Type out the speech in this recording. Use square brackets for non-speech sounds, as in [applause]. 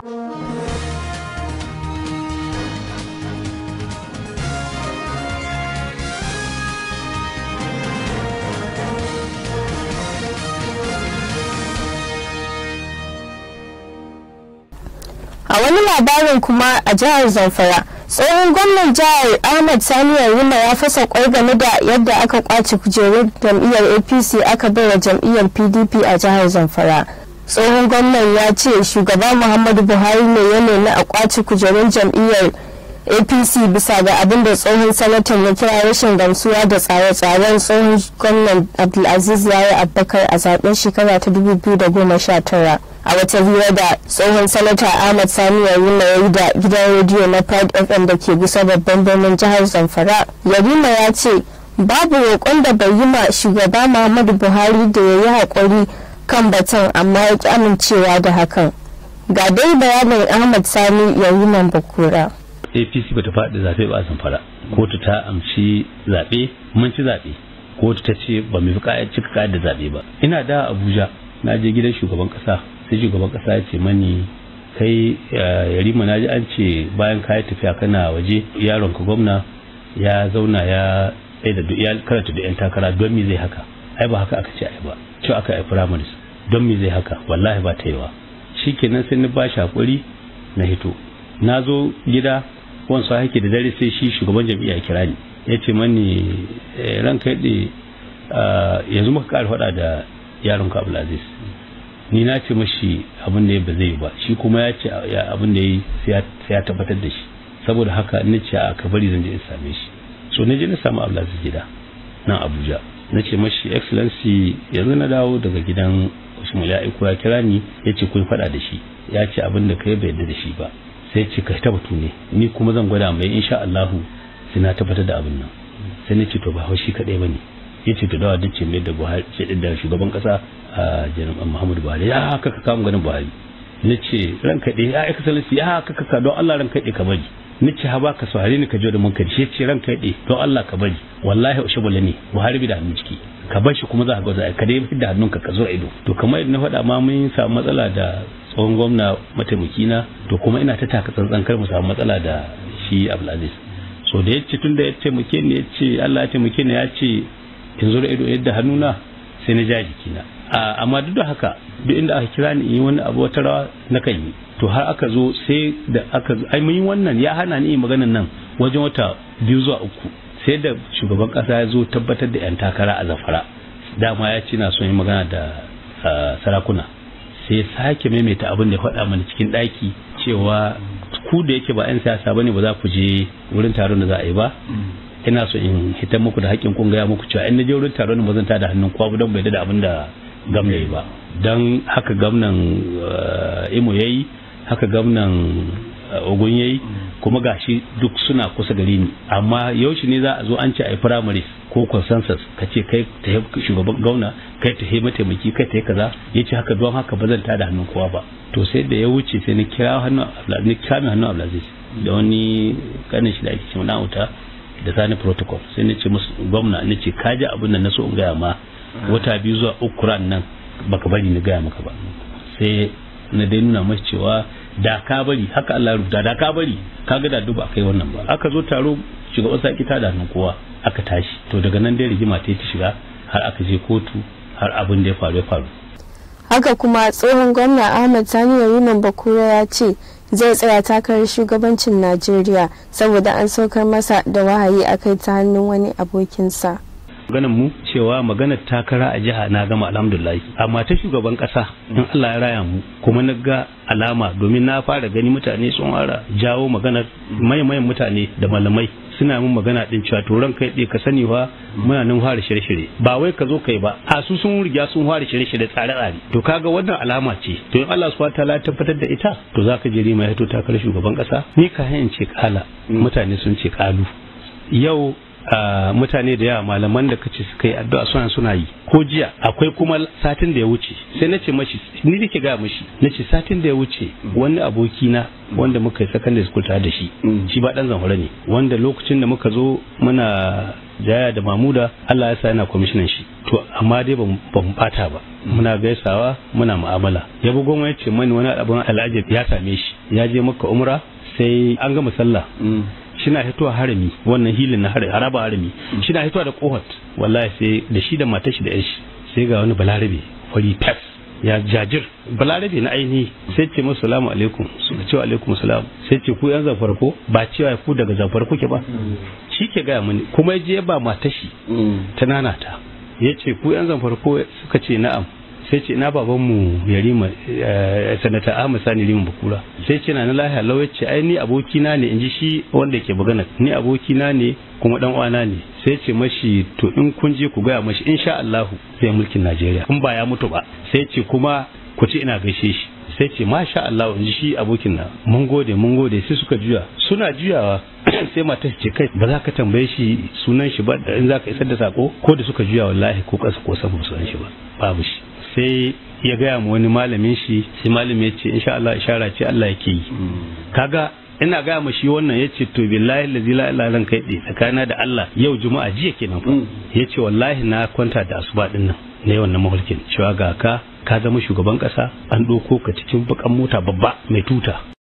a wani labarin kuma a jihar zamfara tsohon gwamnan jihar ahmad sani yarima ya fasa kwai game da yadda aka kwace kujerun jam'iyyar apc aka bai wa jam'iyyar pdp a jihar zamfara tsohon gwamnan ya ce shugaba muhammadu buhari ne ya nemi a kwaci kujerun jam'iyyar apc bisa ga abin da tsohon sanatan ya kira rashin gamsuwa da tsare-tsaren tsohon gwamnan abdulaziz yayi abubakar a zaben shekara ta 2019 a wata hira da tsohon sanata ahmad sani ya yi da gidan rediyo na pride fm da ke gusa babban birnin jihar zamfara yarima ya ce babu roƙon da bai yi ma shugaba muhammadu buhari da ya yi haƙuri kan batun amma ya ki amincewa da hakan ga dai bayanin ahmad sani yayi nan bakura apc bata faɗi zaɓe ba a zamfara kotu ta amci zaɓe mun ci zaɓe kotu ta ce ba mu fi cika da zaɓe ba ina da abuja na je gidan shugaban ƙasa sai shugaban ƙasa ya ce mani kai yarima na ji an ce bayan ka yi tafiya kana waje yaron gwamna ya zauna ya ya karanta da yan takara don me zai haka ai ba haka aka ce ai ba cewa aka yi primaries don me zai haka wallahi ba ta shi kenan sai ni bashi hakuri na hito na zo gida sa hake da dare sai shi shugaban jam'iyya ya kira ni ya ce mani eh, kai yadda yanzu muka ƙara faɗa da yaron ka abulaziz ni na ce mashi abin da ya ba zai ba shi kuma ya ce abin da ya sai ya tabbatar da shi saboda haka ni ce a kabari zan je in same shi so na je na samu abulaziz gida nan abuja na ce mashi excellency yanzu na dawo daga gidan usman ya aiko ya kira ni ya ce kun faɗa da shi ya ce abin da kai bai yarda da shi ba sai ce kai tabbatu ne ni kuma zan gwada mai insha Allah sai na tabbatar da abin nan sai na ce to ba haushi kadai bane ya ce to dawa duk ce mai da Buhari da shugaban kasa a jami'an Muhammadu Buhari ya haka ka kawo ganin Buhari na ce ranka dai ya excellency ya haka ka don Allah ranka ɗaya ka bari nice haba ka sauri ni ka jo da munkari shi ce ranka yade don Allah ka bari wallahi bala ne Buhari bi da hannun ciki ka bar shi kuma za ka ga ka dai da hannunka ka a ido to kamar yadda na faɗa ma mun samu matsala da tsohon gwamna mataimaki na to kuma ina ta taka tsantsan kar mu samu matsala da shi Abdulaziz so da yace tunda ya taimake ni ce Allah ya taimake ni ya ce in zura ido yadda hannuna sai na ja jikina amma duk da haka duk inda aka kira ni yi wani abu wata rawa na kan yi to har aka zo sai da aka ai mun wannan ya hana ni maganar nan wajen wata biyu zuwa uku sai da shugaban kasa ya zo tabbatar da yan takara a zafara dama ya ce na son yi magana da sarakuna sai sake maimaita abin da ya faɗa mana cikin ɗaki cewa ku da yake ba 'yan siyasa bane ba za ku je wurin taron da za a yi ba ina so in hitar muku da haƙƙin kun gaya muku cewa in na je wurin taron ba zan ta da hannun kwa don bai da abin da gamna ba don haka gamnan eh, imo ya haka gamnan eh, ogun ya yi kuma gashi duk suna kusa gari ni amma yaushe ne za a zo an ce a yi primaries ko consensus ka ce kai ta shugaban gauna kai ta yi mataimaki kai ta yi kaza ya ce haka don haka ba zan da hannun kowa ba to sai da ya wuce sai ni kira hannun ni kira mai hannun da wani kanin shi da ake cewa na'uta da sani protocol sai ni ce musu gwamna ni ce kaji abin da na so in gaya ma wata biyu zuwa uku ran nan baka bari na gaya maka ba sai na dai nuna masa cewa da ka bari haka Allah rubuta da ka bari kaga da duba kai wannan ba aka zo taro shiga wasa kita da nan kowa aka tashi to daga nan dai rigima ta ta shiga har aka je kotu har abin da ya faru ya faru haka kuma tsohon gwamna Ahmad Sani Yariman Bakura ya ce zai tsaya takarar shugabancin Najeriya saboda an saukar masa da wahayi akai ta hannun wani abokinsa. ganin mu cewa maganar takara a jiha na gama alhamdulillah amma ta shugaban kasa in Allah ya raya mu kuma na ga alama domin na fara gani mutane sun ara jawo maganar mayan mutane da malamai suna min magana din cewa to ran kai ka sani fa muna nan fara shirye-shirye ba wai ka zo kai ba a su sun riga sun fara shirye-shirye tsare-tsare to kaga wannan alama ce to in Allah subhanahu ta ya tabbatar da ita to za ka je rima ya to takar shugaban kasa ni ka hayin ce kala mutane sun ce kalu yau mutane da yawa malaman da kace suka yi addu'a suna suna yi ko jiya akwai kuma satin da ya wuce sai nace mashi ni nake ga mashi nace satin da ya wuce wani aboki na wanda muka yi secondary school tare da shi shi ba dan zanhura ne wanda lokacin da muka zo muna jaya da mamuda Allah ya sa yana kwamishinan shi to amma dai ban bata ba muna gaisawa muna mu'amala ya bugo mai ce mani wani abun al'ajab ya same shi ya je maka umra sai an gama sallah mm. shina hitowa harami wannan hilin na haraba harami shina hitowa da kohot wallahi sai da shi da matar shi da yan shi sai ga wani balarabe fari pes ya jajir balarabe na ainihi sai ce musu salamu alaikum su ce alaikum salam sai ce ku yan zafarko ba cewa ku daga zafarko kuke ba shi ke gaya mani kuma ya je ba matar shi mm. ta nanata ya ce ku yan zafarko suka ce na'am sai ce ina baban mu yarima eh, sanata Ahmad Sani Liman Bakura sai ce na na lahiya lawace ai ni abokina ne inji shi wanda ke bugana ni abokina ne kuma dan uwana ne sai ce mashi to in kun je ku gaya mashi insha Allahu zai mulkin Najeriya kun ba ya mutu ba sai ce kuma ku ce ina gaishe shi sai ce masha Allah in ji shi abokin na mun gode mun gode sai suka juya suna juyawa [clears throat] sai matar ce kai ba za ka tambaye shi sunan shi ba in za ka isar da sako ko da suka juya wallahi ko kasa ko san sunan shi ba babu shi sai ya gaya wa wani malamin shi sai malamin ya ce insha Allah ishara ce Allah yake yi hmm. kaga ina gaya ma shi wannan ya ce to billahi lazi la ilaha illa kai tsakana da Allah yau juma'a jiya kenan fa hmm. ya ce wallahi na kwanta da asuba din nan ne wannan mahulkin cewa ga ka ka zama shugaban kasa an ɗauko ka cikin bakan mota babba mai tuta